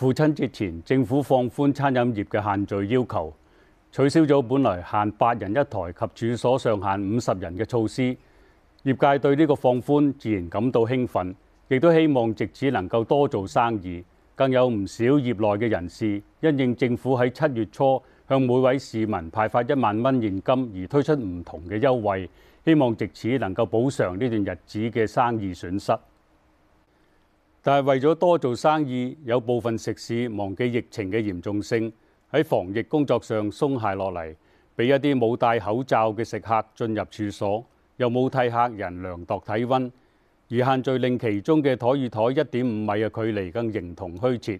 父親節前，政府放寬餐飲業嘅限聚要求，取消咗本來限八人一台及處所上限五十人嘅措施。業界對呢個放寬自然感到興奮，亦都希望藉此能夠多做生意。更有唔少業內嘅人士因應政府喺七月初向每位市民派發一萬蚊現金而推出唔同嘅優惠，希望藉此能夠補償呢段日子嘅生意損失。但係為咗多做生意，有部分食肆忘記疫情嘅嚴重性，喺防疫工作上鬆懈落嚟，俾一啲冇戴口罩嘅食客進入處所，又冇替客人量度體温，而限聚令其中嘅枱與枱一點五米嘅距離更形同虛設。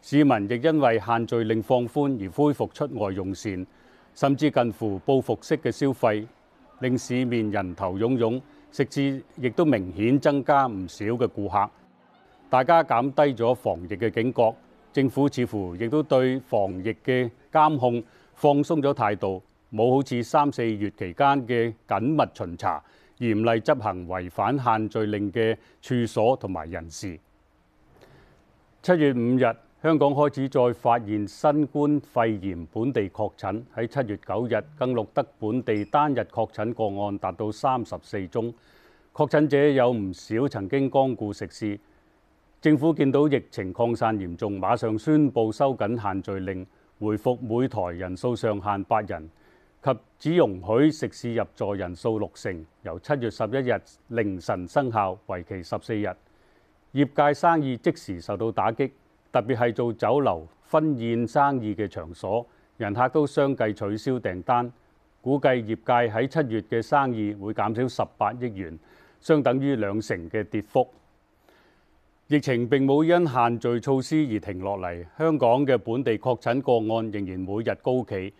市民亦因為限聚令放寬而恢復出外用膳，甚至近乎報復式嘅消費，令市面人頭湧湧，食肆亦都明顯增加唔少嘅顧客。大家減低咗防疫嘅警覺，政府似乎亦都對防疫嘅監控放鬆咗態度，冇好似三四月期間嘅緊密巡查、嚴厲執行違反限聚令嘅處所同埋人士。七月五日，香港開始再發現新冠肺炎本地確診，喺七月九日更錄得本地單日確診個案達到三十四宗，確診者有唔少曾經光顧食肆。政府見到疫情擴散嚴重，馬上宣布收緊限聚令，回覆每台人數上限八人，及只容許食肆入座人數六成，由七月十一日凌晨生效，為期十四日。業界生意即時受到打擊，特別係做酒樓婚宴生意嘅場所，人客都相繼取消訂單，估計業界喺七月嘅生意會減少十八億元，相等於兩成嘅跌幅。疫情並冇因限聚措施而停落嚟，香港嘅本地確診個案仍然每日高企。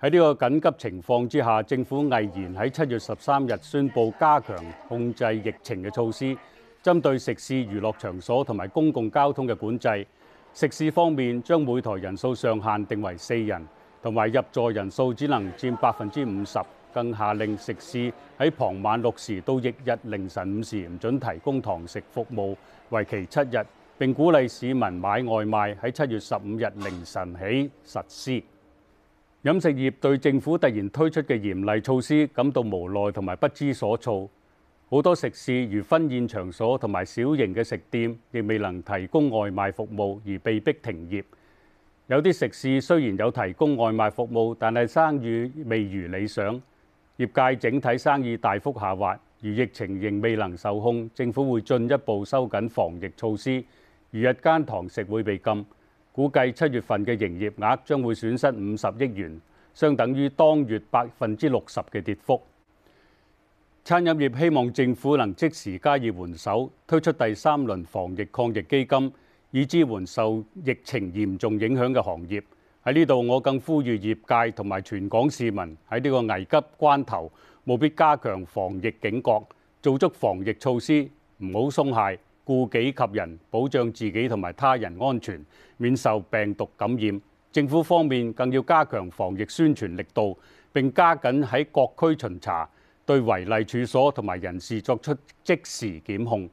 喺呢個緊急情況之下，政府毅然喺七月十三日宣布加強控制疫情嘅措施，針對食肆、娛樂場所同埋公共交通嘅管制。食肆方面將每枱人數上限定為四人，同埋入座人數只能佔百分之五十。更下令食肆喺傍晚六時到翌日凌晨五時唔准提供堂食服務，為期七日。並鼓勵市民買外賣喺七月十五日凌晨起實施。飲食業對政府突然推出嘅嚴厲措施感到無奈同埋不知所措。好多食肆如婚宴場所同埋小型嘅食店，亦未能提供外賣服務而被迫停業。有啲食肆雖然有提供外賣服務，但係生意未如理想。業界整體生意大幅下滑，而疫情仍未能受控，政府會進一步收緊防疫措施，而日間堂食會被禁。估計七月份嘅營業額將會損失五十億元，相等於當月百分之六十嘅跌幅。餐飲業希望政府能即時加以援手，推出第三輪防疫抗疫基金，以支援受疫情嚴重影響嘅行業。喺呢度，我更呼籲業界同埋全港市民喺呢個危急關頭，務必加強防疫警覺，做足防疫措施，唔好鬆懈，顧己及人，保障自己同埋他人安全，免受病毒感染。政府方面更要加強防疫宣傳力度，並加緊喺各區巡查，對違例處所同埋人士作出即時檢控。